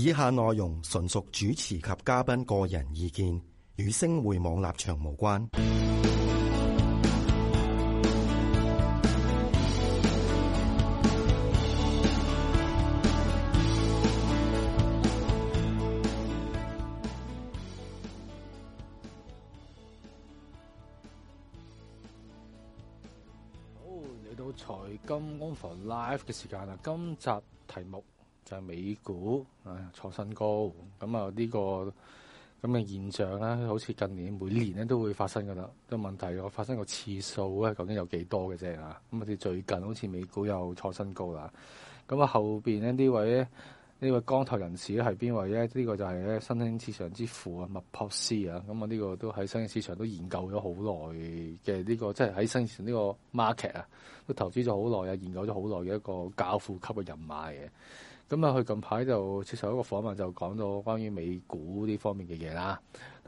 以下內容純屬主持及嘉賓個人意見，與星匯網立場無關。好，嚟到財金工房 live 嘅時間啦，今集題目。就係美股啊，創新高咁啊！呢個咁嘅現象咧，好似近年每年咧都會發生噶啦。都問題個發生個次數咧，究竟有幾多嘅啫？咁啊，似最近好似美股又創新高啦。咁啊，後邊咧呢位咧呢位光頭人士咧係邊位咧？呢個就係咧新興市場之父啊，麥樸思啊。咁啊，呢個都喺新興市場都研究咗好耐嘅呢個，即係喺新呢個 market 啊，都投資咗好耐啊，研究咗好耐嘅一個教父級嘅人馬嘅。咁啊，佢近排就接受一個訪問，就講到關於美股呢方面嘅嘢啦。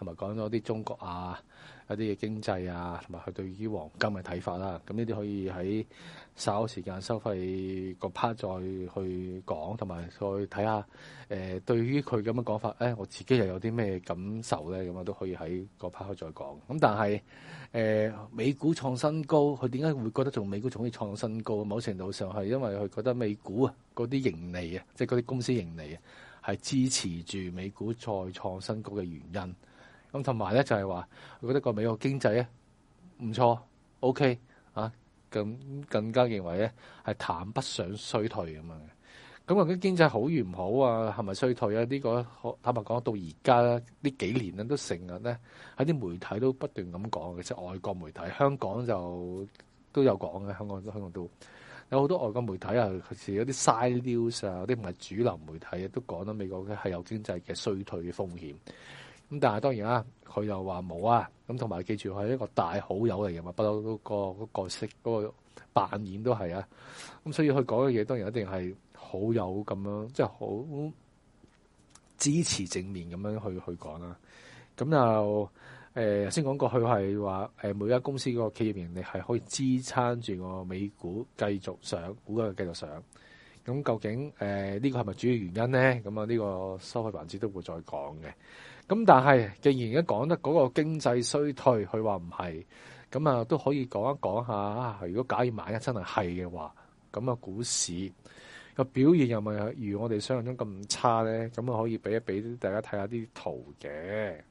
同埋講咗啲中國啊，有一啲嘅經濟啊，同埋佢對於黃金嘅睇法啦、啊。咁呢啲可以喺稍時間收費個 part 再去講，同埋再睇下誒。對於佢咁嘅講法，誒我自己又有啲咩感受咧？咁啊都可以喺個 part 再講。咁但係誒、呃，美股創新高，佢點解會覺得仲美股仲可以創新高？某程度上係因為佢覺得美股啊，嗰啲盈利啊，即係嗰啲公司盈利啊，係支持住美股再創新高嘅原因。咁同埋咧，就係話，我覺得個美國經濟咧唔錯，OK 啊，咁更加認為咧係談不上衰退咁樣嘅。咁究竟經濟好與唔好啊？係咪衰退啊？呢個坦白講，到而家咧呢幾年咧都成日咧喺啲媒體都不斷咁講嘅，即係外國媒體，香港就都有講嘅。香港都香港都有好多外國媒體啊，似有啲 side news 啊，啲唔係主流媒體都講啦，美國嘅係有經濟嘅衰退嘅風險。咁但係當然啦，佢又話冇啊。咁同埋記住，佢係一個大好友嚟嘅嘛，不嬲嗰個角、嗰個、色嗰、嗰個扮演都係啊。咁所以佢講嘅嘢當然一定係好友咁樣，即係好支持正面咁樣去去講啦、啊。咁就、呃，頭先講過，佢係話誒每間公司個企業盈利係可以支撐住個美股繼續上，股價繼續上。咁究竟呢、呃呢個係咪主要原因咧？咁啊呢個收費環節都會再講嘅。咁但係，既然而家講得嗰個經濟衰退，佢話唔係，咁啊都可以講一講下。如果假如萬一真係係嘅話，咁啊股市個表現又咪如我哋想象中咁差咧？咁啊可以俾俾大家睇下啲圖嘅。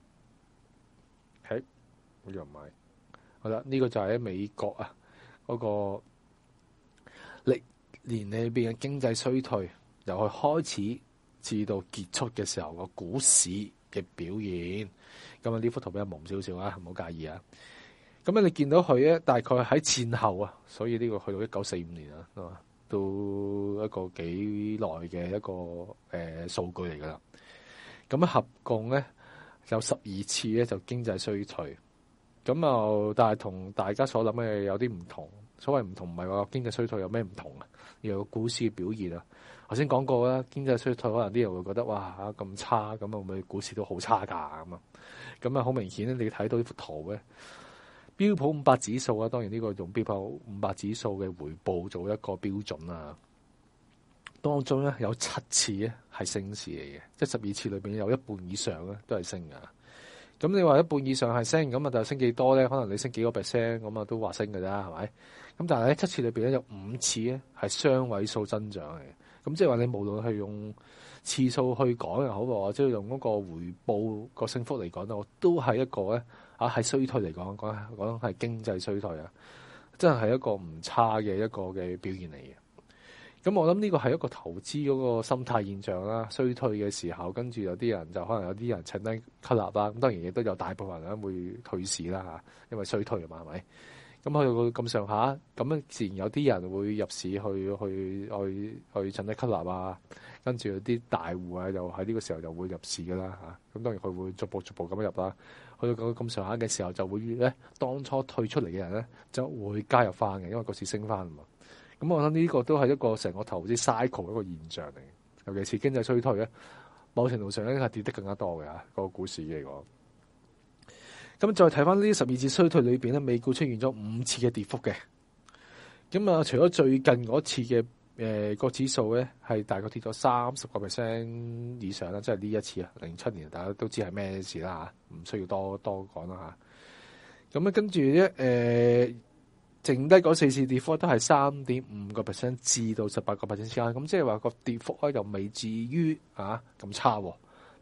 係，我又唔係。好啦，呢個就係喺美國啊嗰個歷年裏面嘅經濟衰退，由佢開始至到結束嘅時候個股市。嘅表現，咁啊呢幅圖比較朦少少啊，唔好介意啊。咁啊，你見到佢咧，大概喺戰後啊，所以呢個去到一九四五年啊，都一個幾耐嘅一個誒、呃、數據嚟噶啦。咁啊合共咧有十二次咧就經濟衰退，咁啊但係同大家所諗嘅有啲唔同。所謂唔同唔係話經濟衰退有咩唔同啊，有個股市表現啊。頭先講過啦，經濟衰退可能啲人會覺得哇咁差，咁啊會唔會股市都好差㗎咁啊？咁啊好明顯咧，你睇到呢幅圖咧，標普五百指數啊，當然呢個用標普五百指數嘅回報做一個標準啦。當中咧有七次咧係升市嚟嘅，即係十二次裏邊有一半以上咧都係升㗎。咁你話一半以上係升咁啊，就升幾多咧？可能你升幾個 percent 咁啊，咁都話升㗎啦，係咪？咁但係喺七次裏邊咧有五次咧係雙位數增長嚟嘅。咁即係話你無論係用次數去講又好喎，即係用嗰個回報個升幅嚟講咧，都係一個咧係、啊、衰退嚟講，講講係經濟衰退啊，真係一個唔差嘅一個嘅表現嚟嘅。咁我諗呢個係一個投資嗰個心態現象啦。衰退嘅時候，跟住有啲人就可能有啲人趁低吸納啦。咁當然亦都有大部分人會退市啦吓，因為衰退啊嘛，係咪？咁去到咁上下，咁自然有啲人會入市去去去去趁低吸納啊，跟住有啲大戶啊又喺呢個時候就會入市噶啦吓，咁當然佢會逐步逐步咁入啦。去到咁上下嘅時候，就會咧當初退出嚟嘅人咧就會加入翻嘅，因為個市升翻啊嘛。咁我諗呢個都係一個成個投資 cycle 一個現象嚟，尤其是經濟衰退咧，某程度上咧係跌得更加多嘅吓，個股市嚟講。咁再睇翻呢十二次衰退裏邊咧，美股出現咗五次嘅跌幅嘅。咁啊，除咗最近嗰次嘅，誒、呃、個指數咧係大概跌咗三十個 percent 以上啦，即係呢一次啊，零七年大家都知係咩事啦吓，唔需要多多講啦吓。咁跟住咧，誒、呃，剩低嗰四次跌幅都係三點五個 percent 至到十八個 percent 之間，咁即係話個跌幅咧又未至於啊咁差，啊。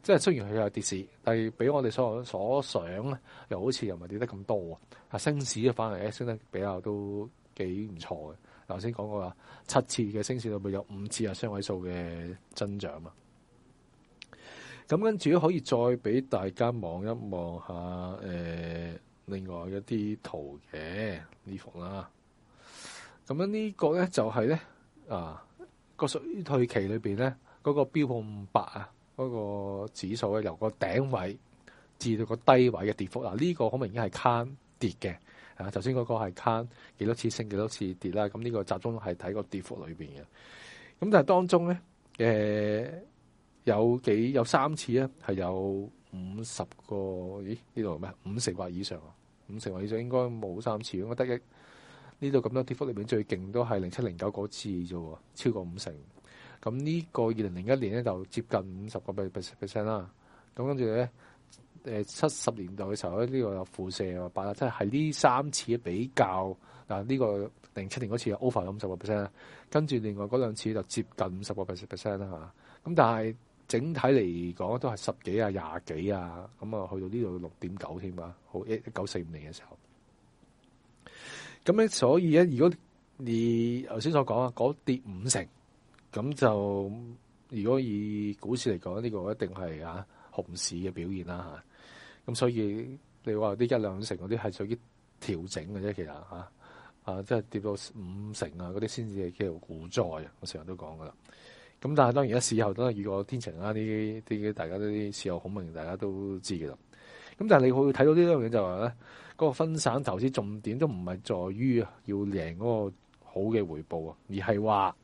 即係雖然佢有跌市，但係比我哋所所想咧，又好似又唔係跌得咁多啊！升市咧反而咧升得比較都幾唔錯嘅。頭先講過啊，七次嘅升市裏邊有五次係雙位數嘅增長嘛。咁跟住可以再俾大家望一望下，誒、呃，另外一啲圖嘅呢幅啦。咁樣呢個咧就係咧啊，個水退期裏邊咧嗰個標普五百啊。嗰、那個指數咧，由個頂位至到個低位嘅跌幅，嗱、這、呢個好明顯係慳跌嘅。啊，頭先嗰個係慳幾多次升幾多次跌啦，咁、這、呢個集中係睇個跌幅裏面嘅。咁但係當中咧，誒有幾有三次啊，係有五十個？咦？呢度咩？五成或以上啊？五成或以上應該冇三次，應該得一。呢度咁多跌幅裏面最勁都係零七零九嗰次啫喎，超過五成。咁呢個二零零一年咧就接近五十個 percent 啦，咁跟住咧誒七十年代嘅時候咧呢、呢個有輻射啊，八即係呢三次嘅比較，嗱、這、呢個零七年嗰次有 over 五十個 percent 啦，跟住另外嗰兩次就接近五十個 percent 啦嚇，咁但係整體嚟講都係十幾啊、廿幾啊，咁啊去到呢度六點九添啊，好一九四五年嘅時候，咁咧所以咧如果你頭先所講啊，嗰跌五成。咁就如果以股市嚟講，呢、這個一定係啊熊市嘅表現啦咁、啊、所以你話啲一兩成嗰啲係屬於調整嘅啫，其實啊，即、啊、係、啊就是、跌到五成啊嗰啲先至係叫做股災啊。我成日都講噶啦。咁但係當然家事後都係雨過天晴啦。啲啲大家都事後孔明，大家都知嘅啦。咁、啊、但係你會睇到呢兩樣就係、是、咧，那個分散投資重點都唔係在於要贏嗰個好嘅回報啊，而係話。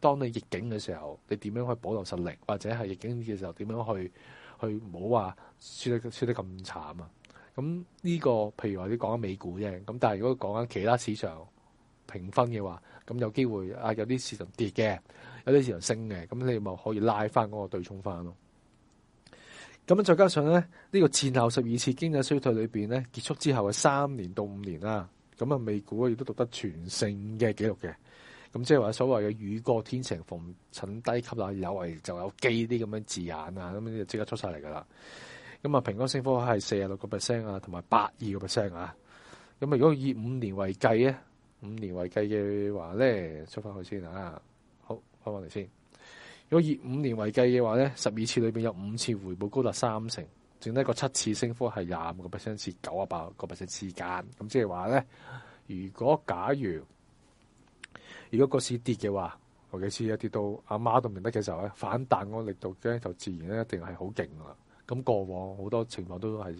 當你逆境嘅時候，你點樣去保留實力，或者係逆境嘅時候點樣去去唔好話輸得輸得咁慘啊？咁呢個譬如話你講緊美股啫，咁但係如果講緊其他市場評分嘅話，咁有機會啊，有啲市場跌嘅，有啲市場升嘅，咁你咪可以拉翻嗰個對沖翻咯。咁再加上咧呢個戰後十二次經濟衰退裏邊咧結束之後嘅三年到五年啦，咁啊美股亦都錄得全勝嘅記錄嘅。咁即係話所謂嘅雨過天晴逢蠢低吸啦，有危就有機啲咁樣字眼啊，咁樣就即刻出晒嚟噶啦。咁啊，平均升幅係四十六個 percent 啊，同埋八二個 percent 啊。咁啊，如果以五年為計咧，五年為計嘅話咧，出翻去先啊。好，翻翻嚟先。如果以五年為計嘅話咧，十二次裏邊有五次回報高達三成，剩低個七次升幅係廿五個 percent 至九十八個 percent 之間。咁即係話咧，如果假如。如果個市跌嘅話，尤其是一跌到阿媽都唔得嘅時候咧，反彈嗰個力度咧就自然咧一定係好勁噶啦。咁過往好多情況都係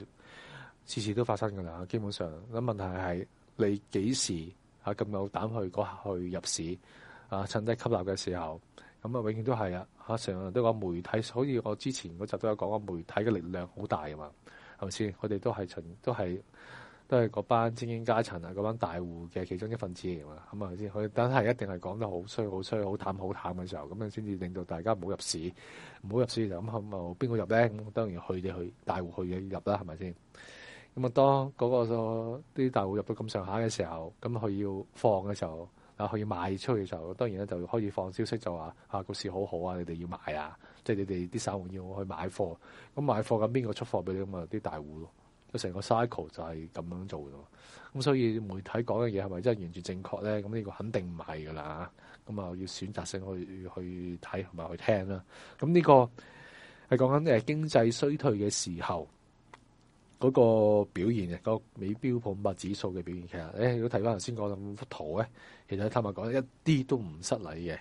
次次都發生噶啦。基本上，咁問題係你幾時咁有膽去去入市啊？趁低吸納嘅時候，咁啊永遠都係啊嚇。成日都講媒體，好似我之前嗰集都有講，媒體嘅力量好大啊嘛，係咪先？我哋都係都係。都係嗰班精英階層啊，嗰班大戶嘅其中一份子嚟嘛。咁係咪先？佢等係一定係講得好衰、好衰、好淡、好淡嘅時候，咁樣先至令到大家唔好入市，唔好入市就咁，咁就邊個入咧？咁當然去嘅去，去，大戶去嘅入啦，係咪先？咁啊，當嗰、那個啲、那個、大戶入到咁上下嘅時候，咁佢要放嘅時候，啊，佢要賣出去嘅時候，當然咧，就開始放消息就話啊，個市好好啊，你哋要買啊，即、就、係、是、你哋啲散戶要去買貨，咁買貨咁邊個出貨俾你？咁啊，啲大戶咯。個成個 cycle 就係咁樣做嘅喎，咁所以媒體講嘅嘢係咪真係完全正確咧？咁呢個肯定唔係嘅啦嚇，咁啊要選擇性去去睇同埋去聽啦。咁呢個係講緊誒經濟衰退嘅時候嗰、嗰個表現嘅、嗰個美標普五百指數嘅表現，其實誒如果睇翻頭先講嘅幅圖咧，其實坦白講一啲都唔失禮嘅。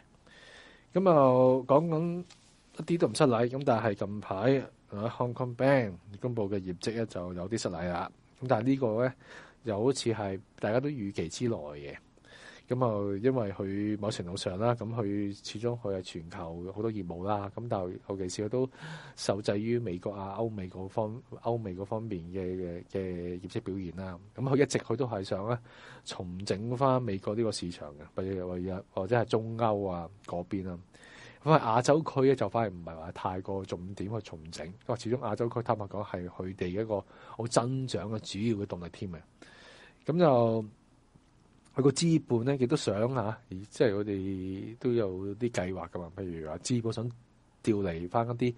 咁啊講緊一啲都唔失禮，咁但係近排。Hong Kong Bank 公佈嘅業績咧就有啲失禮啦，咁但係呢個咧又好似係大家都預期之內嘅，咁啊因為佢某程度上啦，咁佢始終佢係全球好多業務啦，咁但係後期是佢都受制於美國啊、歐美嗰方歐美嗰方面嘅嘅嘅業績表現啦，咁佢一直佢都係想咧重整翻美國呢個市場嘅，或者或者係中歐啊嗰邊啊。咁啊，亞洲區咧就反而唔係話太過重點去重整，因為始終亞洲區坦白講係佢哋一個好增長嘅主要嘅動力添嘅。咁就佢個資本咧，亦都想下，即係佢哋都有啲計劃噶嘛。譬如話資本想調離翻一啲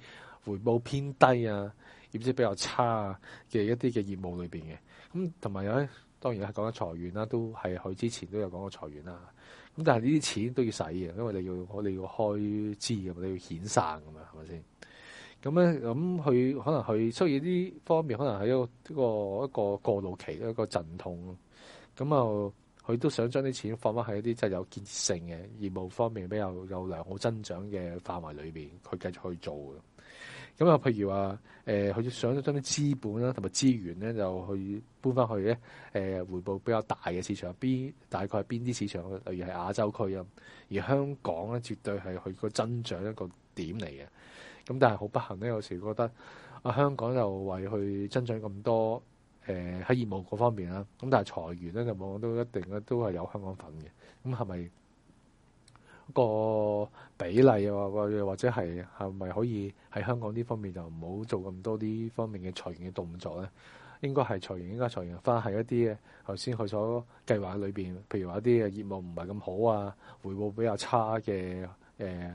回報偏低啊、業績比較差嘅一啲嘅業務裏面嘅。咁同埋有咧，當然係講緊裁員啦，都係佢之前都有講過裁員啦。咁但係呢啲錢都要使嘅，因為你要我哋要開支嘛，你要遣散咁嘛係咪先？咁咧，咁佢可能佢需要啲方面，可能係一個一個一個過渡期，一個陣痛。咁啊，佢都想將啲錢放翻喺一啲即係有建設性嘅業務方面，比較有良好增長嘅範圍裏邊，佢繼續去做嘅。咁啊，譬如話，誒，佢想將啲資本啦，同埋資源咧，就去搬翻去咧、呃，回報比較大嘅市場，邊大概係邊啲市場？例如係亞洲區啊，而香港咧，絕對係佢個增長一個點嚟嘅。咁但係好不幸咧，有時覺得啊，香港就為去增長咁多，喺、呃、業務嗰方面啦，咁但係裁員咧，就冇都一定咧，都係有香港份嘅。咁係咪？個比例啊，或者係係咪可以喺香港呢方面就唔好做咁多啲方面嘅裁員嘅動作咧？應該係裁員，應該係裁員翻係一啲頭先佢所計劃裏邊，譬如話一啲嘅業務唔係咁好啊，回報比較差嘅誒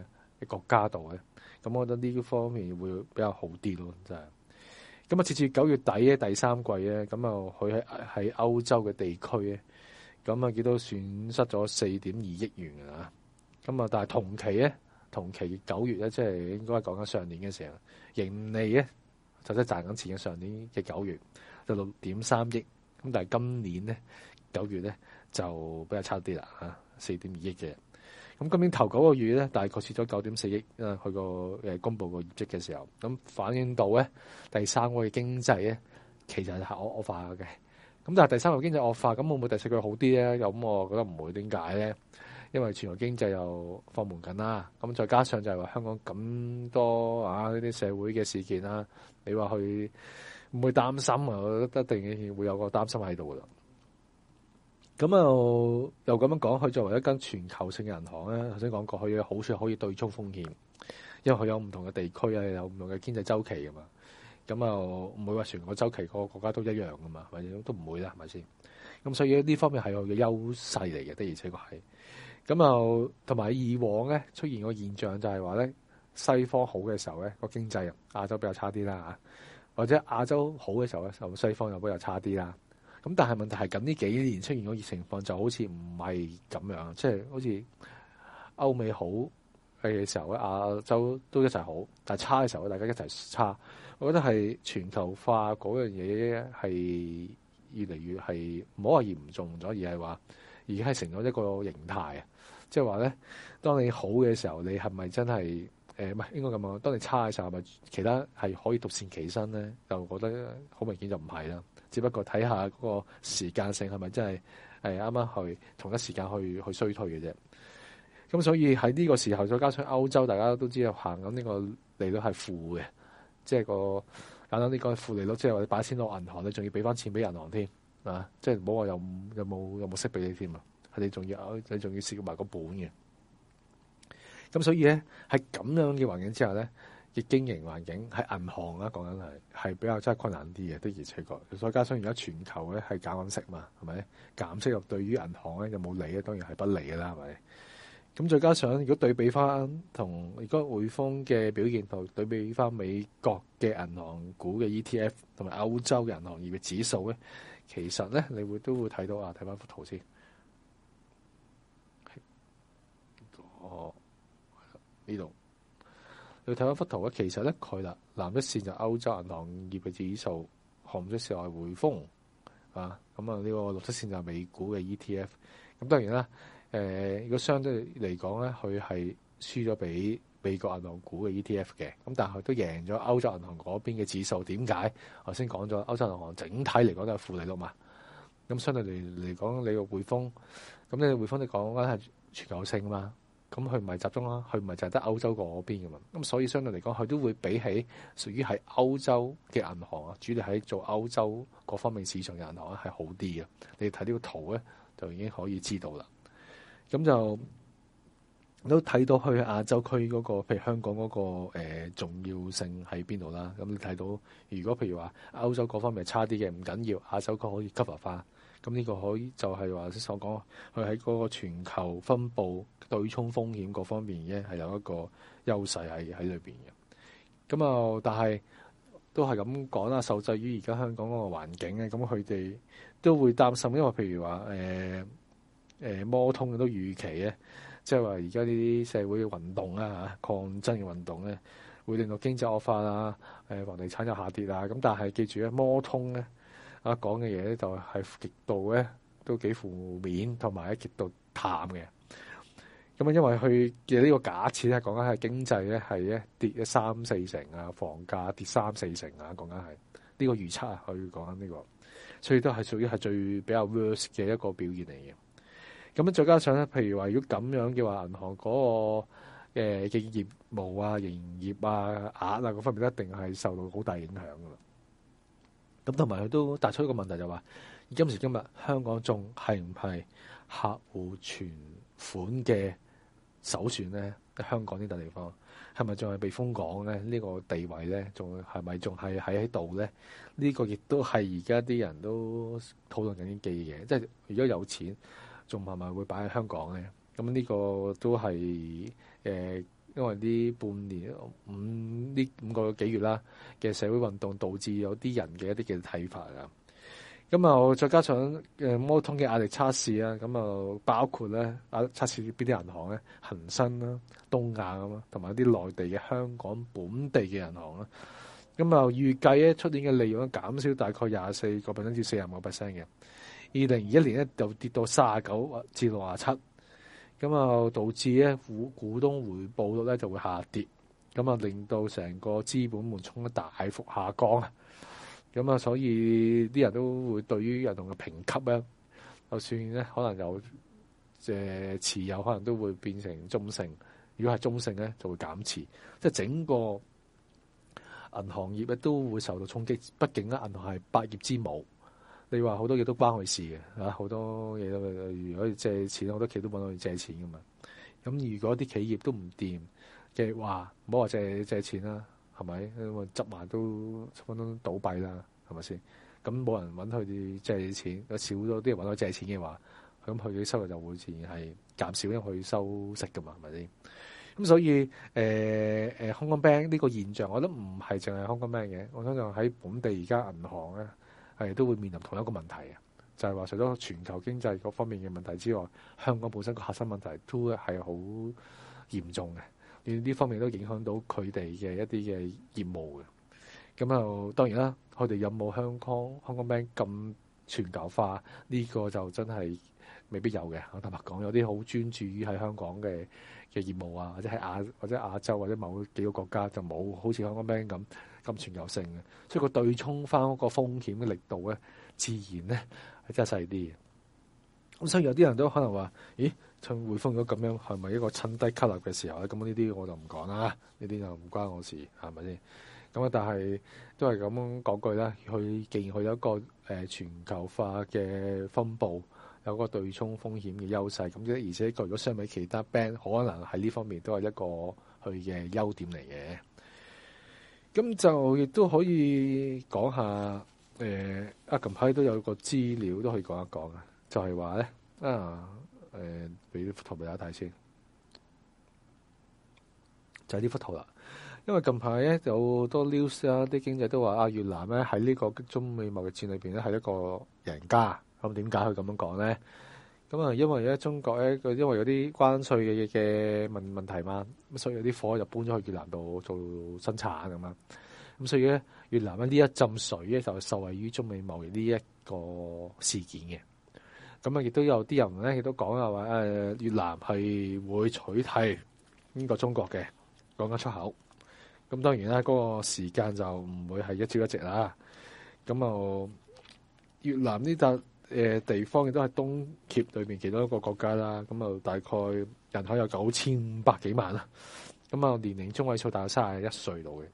國家度咧。咁我覺得呢方面會比較好啲咯，真係咁啊！截至九月底咧，第三季咧，咁又佢喺喺歐洲嘅地區咧，咁啊幾多損失咗四點二億元啊！咁啊！但係同期咧，同期九月咧，即係應該講緊上年嘅時候，盈利咧就即係賺緊錢嘅上年嘅九月，就六點三億。咁但係今年咧九月咧就比較差啲啦，嚇四點二億嘅。咁今年頭九個月咧，大概蝕咗九點四億。佢個誒公佈個業績嘅時候，咁反映到咧第三個嘅經濟咧其實係惡惡化嘅。咁但係第三個經濟惡化，咁會唔會第四個好啲咧？咁我覺得唔會，點解咧？因為全球經濟又放緩緊啦，咁再加上就係話香港咁多啊，呢啲社會嘅事件啦，你話佢唔會擔心啊，我覺得一定會有個擔心喺度噶啦。咁啊，又咁樣講，佢作為一間全球性銀行咧，頭先講過，佢嘅好處可以對沖風險，因為佢有唔同嘅地區啊，有唔同嘅經濟周期噶嘛。咁啊，唔會話全個周期個國家都一樣噶嘛，或者都唔會啦，係咪先？咁所以呢方面係佢嘅優勢嚟嘅，的而且確係。咁又同埋以往咧，出現個現象，就係話咧，西方好嘅時候咧，個經濟亞洲比較差啲啦吓，或者亞洲好嘅時候咧，就西方又比較差啲啦。咁但係問題係咁，呢幾年出現個情況就好似唔係咁樣，即係好似歐美好嘅時候咧，亞洲都一齊好，但係差嘅時候大家一齊差。我覺得係全球化嗰樣嘢係越嚟越係唔好話嚴重咗，而係話。而係成咗一個形態啊！即係話咧，當你好嘅時候，你係咪真係誒？唔係應該咁講。當你差嘅時候，係咪其他係可以獨善其身咧？就覺得好明顯就唔係啦。只不過睇下嗰個時間性係咪真係係啱啱去同一時間去去衰退嘅啫。咁所以喺呢個時候，再加上歐洲，大家都知道行緊呢個利率係負嘅，即係個簡單啲講，負利率，即係話你擺錢落銀行，你仲要俾翻錢俾銀行添。啊！即係唔好話有有冇有冇息俾你添啊？你仲要你仲要蝕埋個本嘅。咁所以咧，喺咁樣嘅環境之下咧，嘅經營環境喺銀行啦、啊，講緊係係比較真係困難啲嘅。的而且確，再加上而家全球咧係減息嘛，係咪減息又對於銀行咧又冇利咧，當然係不利噶啦，係咪？咁再加上如果對比翻同而家匯豐嘅表現度對比翻美國嘅銀行股嘅 ETF 同埋歐洲銀行業嘅指數咧。其實咧，你會都會睇到啊！睇翻幅圖先，哦呢度，你睇翻幅圖咧，其實咧佢啦，藍色線就歐洲銀行業嘅指數，紅色線係匯豐啊，咁啊呢個綠色線就美股嘅 ETF、嗯。咁當然啦，誒、呃、如果相對嚟講咧，佢係輸咗俾。美國銀行股嘅 ETF 嘅，咁但係佢都贏咗歐洲銀行嗰邊嘅指數。點解？頭先講咗歐洲銀行整體嚟講都係負利率嘛。咁相對嚟嚟講，你個匯豐，咁你匯豐你講緊係全球性嘛，咁佢唔係集中啦，佢唔係就係得歐洲嗰邊嘅嘛。咁所以相對嚟講，佢都會比起屬於喺歐洲嘅銀行啊，主力喺做歐洲各方面市場嘅銀行啊，係好啲嘅。你睇呢個圖咧，就已經可以知道啦。咁就。都睇到去亞洲區嗰個，譬如香港嗰個、呃、重要性喺邊度啦。咁你睇到，如果譬如話歐洲各方面差啲嘅，唔緊要，亞洲區可以吸納翻。咁呢個可以就係話所講，佢喺嗰個全球分布對沖風險嗰方面嘅係有一個優勢喺喺裏面嘅。咁、呃、啊，但係都係咁講啦，受制於而家香港嗰個環境咧，咁佢哋都會擔心，因為譬如話誒摩通都預期咧。即係話而家呢啲社會運動啊嚇抗爭嘅運動咧，會令到經濟惡化啊，房地產又下跌啊。咁但係記住咧，摩通咧啊講嘅嘢咧就係極度咧都幾負面，同埋喺極度淡嘅。咁啊，因為佢嘅呢個假設咧講緊係經濟咧係咧跌咗三四成啊，房價跌三四成啊，講緊係呢個預測啊，可以講緊呢個，所以都係屬於係最比較 worse 嘅一個表現嚟嘅。咁再加上咧，譬如話，如果咁樣嘅話，銀行嗰個嘅業務啊、營業啊、額啊嗰、嗰個、方面一定係受到好大影響噶啦。咁同埋佢都提出一個問題、就係，就話今時今日香港仲係唔係客戶存款嘅首選咧？香港係係呢笪地方係咪仲係被封港咧？呢、呢個地位咧，仲係咪仲係喺度咧？係係呢、呢個亦都係而家啲人都討論緊嘅嘢，即係如果有錢。仲係咪會擺喺香港咧？咁呢個都係誒、呃，因為呢半年五呢五個幾月啦嘅社會運動，導致有啲人嘅一啲嘅睇法噶。咁啊，再加上、呃、摩通嘅壓力測試啦，咁啊包括咧啊測試邊啲銀行咧，恒生啦、東亞咁啊，同埋一啲內地嘅香港本地嘅銀行啦。咁啊預計咧出年嘅利潤減少大概廿四個百分點至四十五個 percent 嘅。二零二一年咧就跌到三十九至六十七，咁啊導致咧股股東回報率咧就會下跌，咁啊令到成個資本門衝得大幅下降，啊，咁啊所以啲人都會對於銀行嘅評級咧，就算咧可能有誒持有，可能都會變成中性。如果係中性咧，就會減持。即係整個銀行業咧都會受到衝擊，畢竟咧銀行係百業之母。你話好多嘢都關佢事嘅，好多嘢。如果借錢，好多企業都搵佢借錢㗎嘛。咁如果啲企業都唔掂嘅話，唔好話借借錢啦，係咪？執埋都十分鐘倒閉啦，係咪先？咁冇人搵佢借錢，有少咗啲人搵佢借錢嘅話，咁佢啲收入就會自然係減少，因為佢收息㗎嘛，係咪先？咁所以誒誒空金 bank 呢個現象，我覺得唔係淨係空金 bank 嘅，我想就喺本地而家銀行咧。係都會面臨同一個問題啊，就係話除咗全球經濟各方面嘅問題之外，香港本身個核心問題都係好嚴重嘅，連呢方面都影響到佢哋嘅一啲嘅業務嘅。咁又當然啦，佢哋有冇香港香港 band 咁？全球化呢個就真係未必有嘅，我坦白講，有啲好專注於喺香港嘅嘅業務啊，或者喺亞或者亞洲或者某幾個國家就冇好似香港 man 咁咁全球性嘅，所以個對沖翻嗰個風險嘅力度咧，自然咧係真係細啲嘅。咁所以有啲人都可能話，咦，趁匯豐如果咁樣係咪一個趁低吸納嘅時候咧？咁呢啲我就唔講啦，呢啲就唔關我事，係咪先？咁啊！但係都係咁講句啦，佢既然佢有一個誒全球化嘅分佈，有個對沖風險嘅優勢，咁即而且，佢如果相比其他 band 可能喺呢方面都係一個佢嘅優點嚟嘅。咁就亦都可以講下誒，啊！近排都有個資料都可以講一講、就是、啊，就係話咧啊誒，俾啲幅圖俾大家睇先，就係、是、呢幅圖啦。因為近排咧有多 news 啦，啲經濟都話啊，越南咧喺呢個中美貿易戰裏邊咧係一個贏家。咁點解佢咁樣講咧？咁啊，因為咧中國咧，佢因為有啲關稅嘅嘢嘅問問題嘛，咁所以有啲貨就搬咗去越南度做生產咁樣。咁所以咧越南咧呢一浸水咧就受惠於中美貿易呢一個事件嘅。咁啊，亦都有啲人咧，亦都講啊話誒，越南係會取替呢個中國嘅講緊出口。咁當然啦，嗰個時間就唔會係一朝一夕啦。咁啊，越南呢笪地方亦都係東協裏面其中一個國家啦。咁啊，大概人口有九千五百幾萬啦。咁啊，年齡中位數大三十一歲度嘅。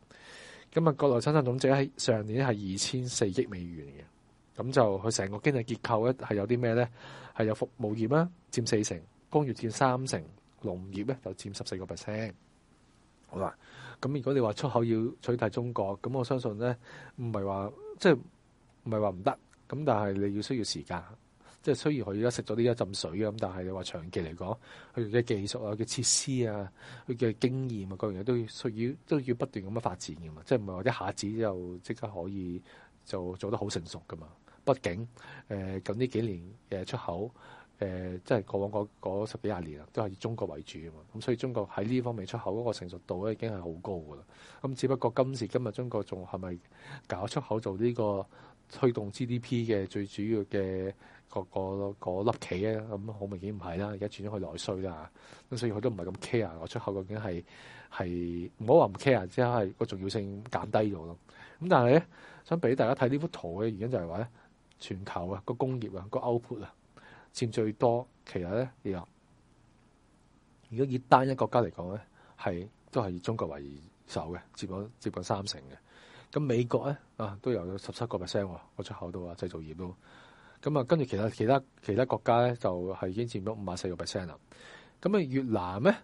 咁啊，國內生產總值喺上年係二千四億美元嘅。咁就佢成個經濟結構咧係有啲咩咧？係有服務業啦，佔四成；工業佔三成；農業咧就佔十四個 percent。好啦。咁如果你話出口要取代中國，咁我相信咧唔係話即係唔係話唔得咁，但係你要需要時間。即係雖然佢而家食咗呢一浸水嘅，咁但係你話長期嚟講，佢嘅技術啊、嘅設施啊、佢嘅經驗啊，各樣嘢都要需要都要不斷咁樣發展噶嘛。即係唔係話一下子就即刻可以就做得好成熟噶嘛？畢竟誒咁呢幾年誒出口。誒、呃，即係過往嗰嗰十幾廿年都係以中國為主啊嘛。咁所以中國喺呢方面出口嗰個成熟度咧，已經係好高噶啦。咁只不過今時今日中國仲係咪搞出口做呢個推動 GDP 嘅最主要嘅、嗰個、嗰個嗰粒棋咧？咁、那、好、個、明顯唔係啦，而家轉咗去內需啦咁所以佢都唔係咁 care 我出口究竟係係唔好話唔 care，之即係個重要性減低咗咯。咁但係咧，想俾大家睇呢幅圖嘅原因就係話咧，全球啊個工業啊個 output 啊。佔最多，其實咧你有。如果以單一個國家嚟講咧，係都係以中國為首嘅，接咗接近三成嘅。咁美國咧啊，都有十七個 percent 個出口度啊，製造業都。咁啊，跟住其實其他其他,其他國家咧，就係、是、已經佔咗五十四個 percent 啦。咁啊，那越南咧，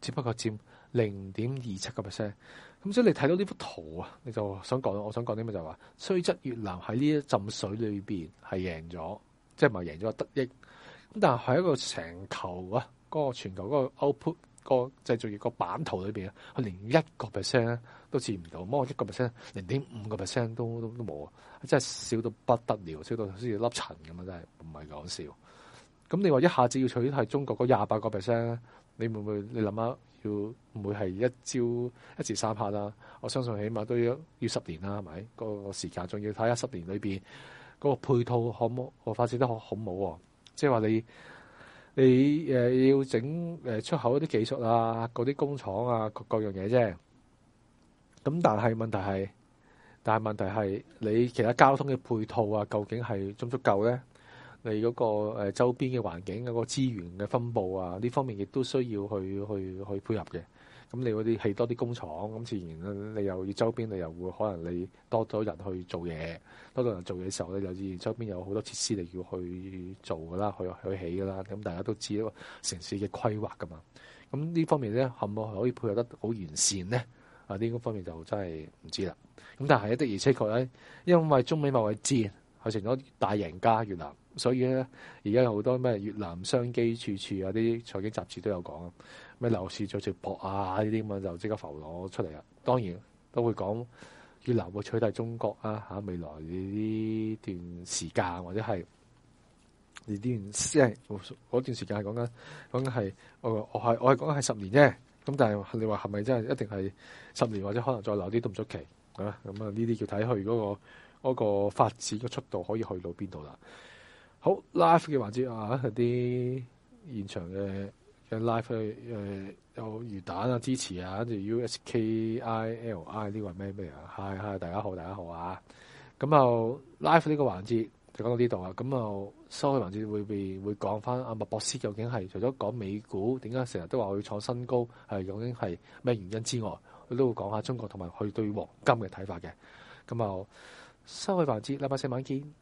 只不過佔零點二七個 percent。咁所以你睇到呢幅圖啊，你就想講，我想講啲咩？就話、是，雖則越南喺呢一浸水裏邊係贏咗。即係唔係贏咗個得益？咁但係喺一個成球啊，嗰個全球嗰、嗰個、個 output 個製造業個版圖裏邊咧，佢連一個 percent 都佔唔到，冇一個 percent，零點五個 percent 都都都冇，真係少到不得了，少到好似粒塵咁啊！真係唔係講笑。咁你話一下子要取係中國嗰廿八個 percent，你會唔會？你諗下，要唔會係一朝一至三下啦？我相信起碼都要要十年啦，係咪？個時間仲要睇下十年裏邊。嗰個配套好冇？我發展得好好冇喎，即係話你你、呃、要整出口一啲技術啊，嗰啲工廠啊，各各樣嘢啫。咁但係問題係，但係問題係你其他交通嘅配套啊，究竟係足唔足夠咧？你嗰個、呃、周邊嘅環境嗰個資源嘅分布啊，呢方面亦都需要去去去配合嘅。咁你嗰啲起多啲工廠，咁自然你又要周邊，你又會可能你多咗人去做嘢，多咗人做嘢嘅時候咧，又自然周邊有好多設施，你要去做噶啦，去去起噶啦。咁大家都知，一個城市嘅規劃噶嘛。咁呢方面咧，係咪可以配合得好完善咧？啊，呢方面就真係唔知啦。咁但係的而且確咧，因為中美貿易戰，佢成咗大贏家越南，所以咧而家有好多咩越南商機處處啊，啲財經雜誌都有講咩樓市再直博啊！呢啲咁就即刻浮攞出嚟啊！當然都會講，越南會取代中國啊！嚇、啊、未來呢段時間或者係呢段嗰段時間係講緊，講緊係我係我係講緊係十年啫。咁但係你話係咪真係一定係十年，或者可能再留啲都唔出奇啊！咁啊呢啲要睇佢嗰個嗰、嗰個、發展嘅速度可以去到邊度啦。好，live 嘅環節啊，啲現場嘅。live 去，呃、誒有魚蛋啊，支持啊，跟住 U S K I L I 呢個係咩咩啊？Hi Hi 大家好，大家好啊！咁就 live 呢個環節就講到呢度啊！咁就收尾環節會會講翻阿麥博士究竟係除咗講美股點解成日都話我要創新高係究竟係咩原因之外，佢都會講下中國同埋佢對黃金嘅睇法嘅。咁就收尾環節禮拜四晚見。